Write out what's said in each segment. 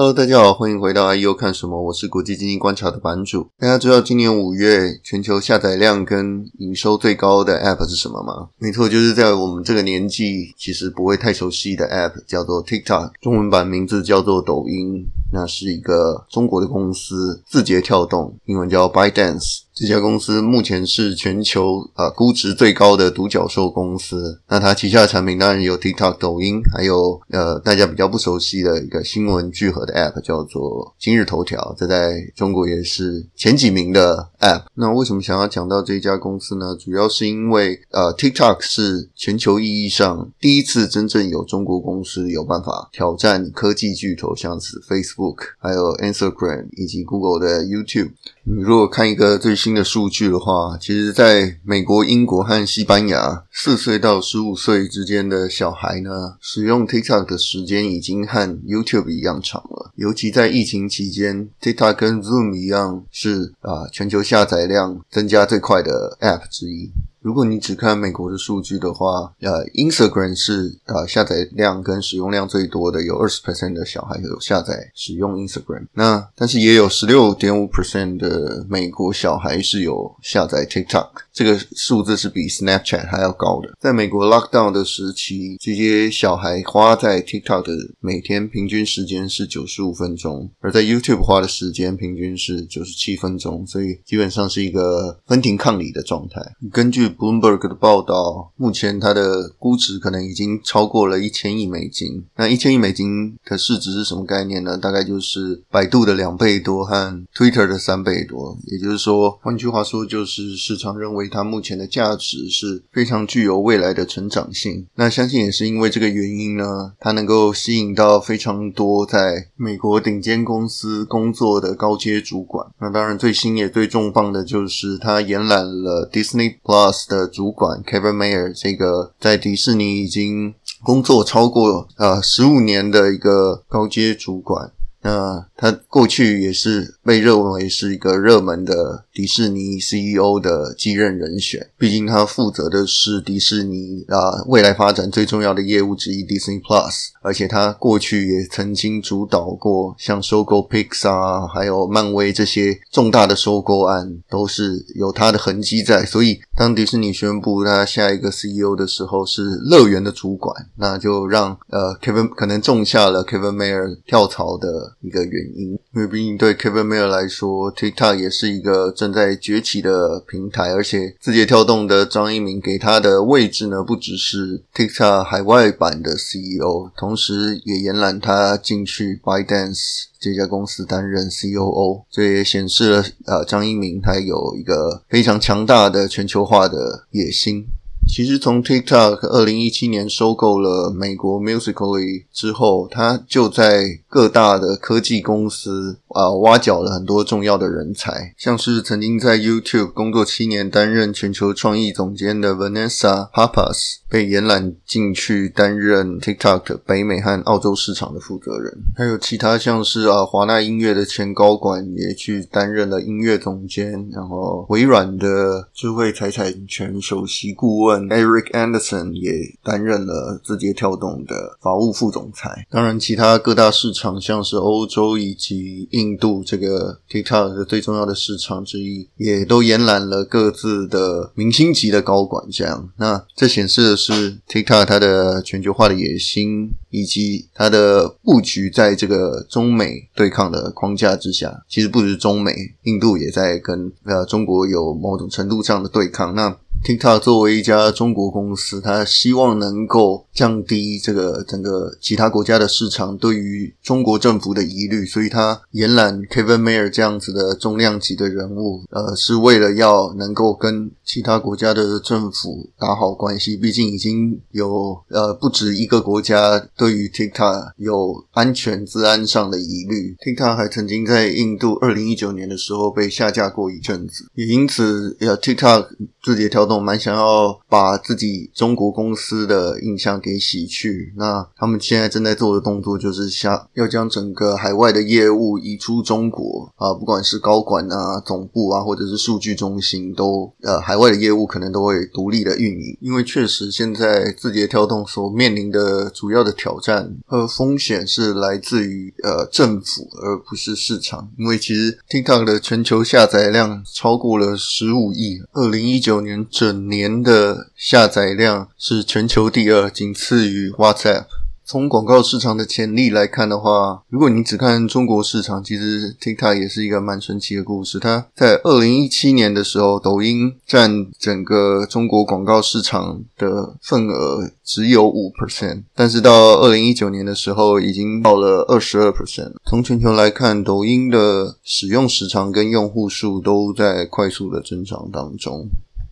Hello，大家好，歡迎回到 IEO 看什麼，我是國際經濟觀察的版主。大家知道今年五月全球下載量跟營收最高的 App 是什麼嗎？沒錯，就是在我們這個年紀其實不會太熟悉的 App，叫做 TikTok，中文版名字叫做抖音。那是一個中國的公司，字節跳動，英文叫 ByteDance。這家公司目前是全球呃估值最高的獨角獸公司。那它旗下的產品當然有 TikTok、抖音，還有呃大家比較不熟悉的一個新聞聚合的 App，叫做今日頭條。這在中國也是前幾名的。App 那為什麼想要講到這家公司呢？主要是因為呃，TikTok 是全球意義上第一次真正有中國公司有辦法挑戰科技巨頭，像是 Facebook、還有 Instagram 以及 Google 的 YouTube。你如果看一個最新的數據的話，其實在美國、英國和西班牙，四歲到十五歲之間的小孩呢，使用 TikTok 的時間已經和 YouTube 一樣長了。尤其在疫情期間，TikTok 跟 Zoom 一樣是啊、呃，全球。下載量增加最快的 APP 之一。如果你只看美國的數據的話，呃，Instagram 是呃下載量跟使用量最多的，有20%的小孩有下載使用 Instagram。那但是也有16.5%的美國小孩是有下載 TikTok。這個數字是比 Snapchat 還要高的。在美國 Lockdown 的時期，這些小孩花在 TikTok 的每天平均時間是九十五分鐘，而在 YouTube 花的時間平均是九十七分鐘，所以基本上是一個分庭抗禮的狀態。根據 Bloomberg 的報道，目前它的估值可能已經超過了一千億美金。那一千億美金的市值是什麼概念呢？大概就是百度的兩倍多和 Twitter 的三倍多。也就是說，換句話說，就是市場認為。它目前的價值是非常具有未來的成長性，那相信也是因為這個原因呢，它能夠吸引到非常多在美國頂尖公司工作的高階主管。那當然最新也最重磅的就是它覽，他延攬了 Disney Plus 的主管 Kevin Mayer，這個在迪士尼已經工作超過呃十五年的一個高階主管。那他過去也是被認為是一個熱門的迪士尼 CEO 的繼任人選，畢竟他負責的是迪士尼啊未來發展最重要的業務之一，Disney Plus。而且他過去也曾經主導過像收購 Pixar、還有漫威，這些重大的收購案，都是有他的痕跡在。所以，當迪士尼宣布他下一個 CEO 的時候，是樂園的主管，那就讓呃 Kevin 可能種下了 Kevin Mayer 跳槽的一個原因。因為畢竟對 Kevin Mayer 來說，TikTok 也是一個正在崛起的平台，而且字節跳動的張一鳴給他的位置呢，不只是 TikTok 海外版的 CEO，同。同時也延攬他進去 Bytedance 這家公司擔任 COO，這也顯示了呃張一鳴他有一個非常強大的全球化的野心。其實從 TikTok 二零一七年收購了美國 Musically 之後，他就在各大的科技公司啊、呃、挖角了很多重要的人才，像是曾經在 YouTube 工作七年擔任全球創意總監的 Vanessa Pappas。被延攬進去擔任 TikTok 北美和澳洲市場的負責人，還有其他像是啊華納音樂的前高管也去擔任了音樂總監，然後微軟的智慧財產權首席顧問 Eric Anderson 也擔任了字節跳動的法務副總裁。當然，其他各大市場像是歐洲以及印度這個 TikTok 的最重要的市場之一，也都延攬了各自的明星級的高管。這樣，那這顯示的是。是 TikTok 它的全球化的野心，以及它的佈局，在這個中美對抗的框架之下，其實不只是中美，印度也在跟呃中國有某種程度上的對抗。那 TikTok 作為一家中國公司，它希望能夠降低這個整個其他國家的市場對於中國政府的疑慮，所以它延攬 Kevin Mayer 這樣子的重量級的人物，呃，是為了要能夠跟其他國家的政府打好關係。畢竟已經有呃不止一個國家對於 TikTok 有安全、治安上的疑慮。TikTok 還曾經在印度二零一九年的時候被下架過一陣子，也因此，呃，TikTok 自己挑。動蠻想要把自己中國公司的印象給洗去，那他們現在正在做的動作就是下，要將整個海外的業務移出中國啊，不管是高管啊、總部啊，或者是數據中心都，都、啊、呃海外的業務可能都會獨立的運營，因為確實現在字節跳動所面臨的主要的挑戰和風險是來自於呃政府而不是市場，因為其實 TikTok 的全球下載量超過了十五億，二零一九年。整年的下載量是全球第二，僅次於 WhatsApp。從廣告市場的潛力來看的話，如果你只看中國市場，其實 TikTok 也是一個蠻神奇的故事。它在二零一七年的時候，抖音占整個中國廣告市場的份額只有五 percent，但是到二零一九年的時候，已經到了二十二 percent。從全球來看，抖音的使用時長跟用戶數都在快速的增長當中。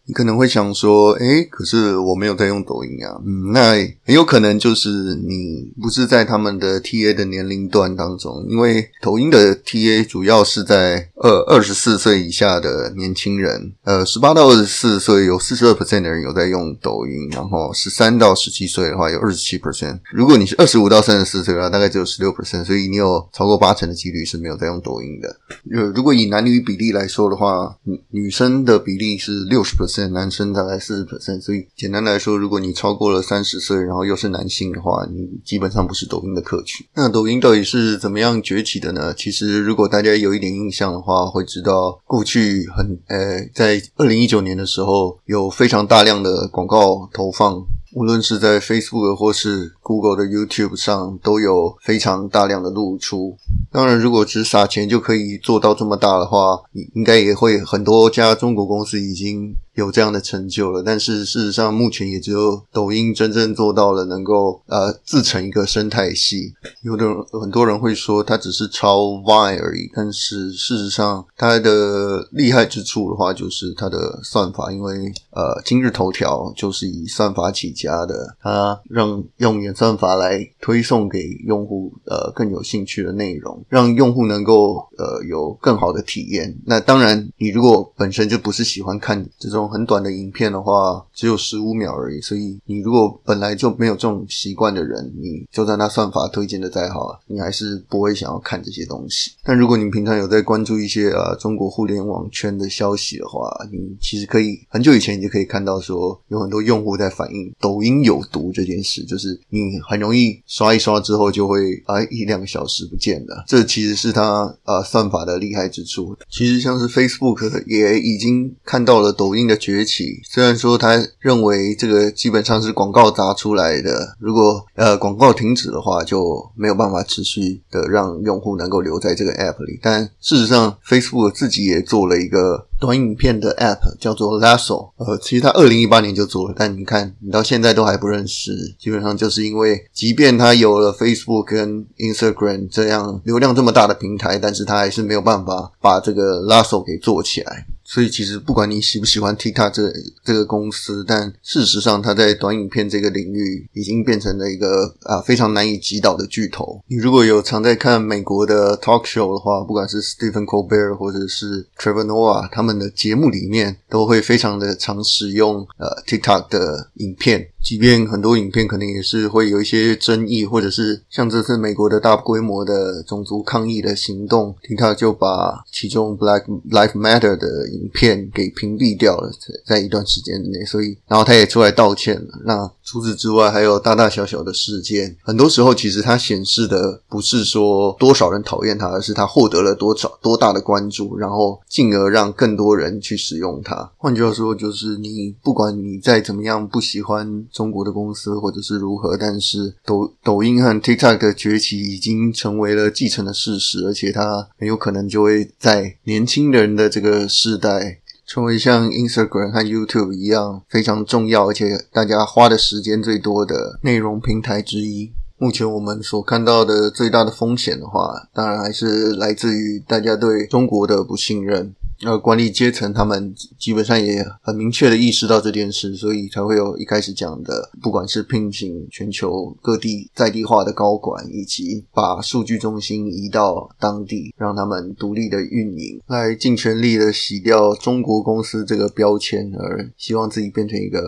你可能會想說，哎，可是我沒有在用抖音啊。嗯，那很有可能就是你不是在他們的 TA 的年齡段當中，因為抖音的 TA 主要是在呃二十四歲以下的年輕人，呃，十八到二十四歲有四十二 percent 的人有在用抖音，然後十三到十七歲的話有二十七 percent。如果你是二十五到三十四歲的話，大概只有十六 percent，所以你有超過八成的幾率是沒有在用抖音的。呃，如果以男女比例來說的話，女，女生的比例是六十 percent。男生大概四十%，所以簡單來說，如果你超過了三十歲，然後又是男性的話，你基本上不是抖音的客群。那抖音到底是怎麼樣崛起的呢？其實如果大家有一點印象的話，會知道過去很呃，在二零一九年的時候，有非常大量的廣告投放，無論是在 Facebook 或是 Google 的 YouTube 上，都有非常大量的露出。當然，如果只撒錢就可以做到這麼大的話，應該也會很多家中國公司已經。有這樣的成就了，但是事實上，目前也只有抖音真正做到了能夠呃自成一個生態系。有的很多人會說它只是超 Vine 而已，但是事實上它的厲害之處的話，就是它的算法。因為呃今日頭條就是以算法起家的，它讓用演算法來推送給用戶呃更有興趣的內容，讓用戶能夠呃有更好的體驗。那當然，你如果本身就不是喜歡看這種。很短的影片的話，只有十五秒而已。所以你如果本來就沒有這種習慣的人，你就算他算法推薦的再好，你還是不會想要看這些東西。但如果你平常有在關注一些呃中國互聯網圈的消息的話，你其實可以很久以前你就可以看到說，有很多用戶在反映抖音有毒這件事，就是你很容易刷一刷之後就會啊、呃、一兩個小時不見了。這其實是他呃算法的厲害之處。其實像是 Facebook 也已經看到了抖音的。崛起，雖然說他認為這個基本上是廣告砸出來的，如果呃廣告停止的話，就沒有辦法持續的讓用戶能夠留在這個 app 裡。但事實上，Facebook 自己也做了一個短影片的 app，叫做 Lasso。呃，其實他二零一八年就做了，但你看你到現在都還不認識，基本上就是因為，即便他有了 Facebook 跟 Instagram 這樣流量這麼大的平台，但是他還是沒有辦法把這個 Lasso 給做起來。所以其實不管你喜不喜歡 TikTok 這這個公司，但事實上它在短影片這個領域已經變成了一個啊、呃、非常難以擊倒的巨頭。你如果有常在看美國的 talk show 的話，不管是 Stephen Colbert 或者是 Trevor Noah 他們的節目裡面，都會非常的常使用呃 TikTok 的影片，即便很多影片可能也是會有一些爭議，或者是像這次美國的大規模的種族抗議的行動，TikTok 就把其中 Black Lives Matter 的影片給屏蔽掉了，在一段時間內，所以，然後他也出來道歉了。那。除此之外，還有大大小小的事件。很多時候，其實它顯示的不是說多少人討厭它，而是它獲得了多少，多大的關注，然後進而讓更多人去使用它。換句話說，就是你不管你再怎麼樣不喜歡中國的公司，或者是如何，但是抖抖音和 TikTok 的崛起已經成為了既成的事實，而且它很有可能就會在年輕人的這個世代。成為像 Instagram 和 YouTube 一樣非常重要，而且大家花的時間最多的內容平台之一。目前我們所看到的最大的風險的話，當然還是來自於大家對中國的不信任。呃，而管理階層他們基本上也很明確的意識到這件事，所以才會有一開始講的，不管是聘請全球各地在地化的高管，以及把數據中心移到當地，讓他們獨立的運營，來盡全力的洗掉中國公司這個標籤，而希望自己變成一個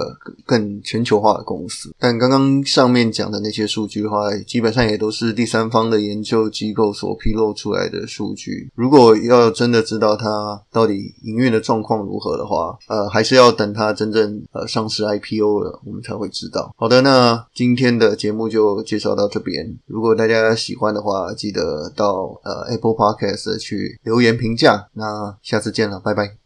更全球化的公司。但剛剛上面講的那些數據的話，基本上也都是第三方的研究機構所披露出來的數據。如果要真的知道它，到底營運的狀況如何的話，呃，還是要等它真正呃上市 IPO 了，我們才會知道。好的，那今天的節目就介紹到這邊。如果大家喜歡的話，記得到呃 Apple Podcast 去留言評價。那下次見了，拜拜。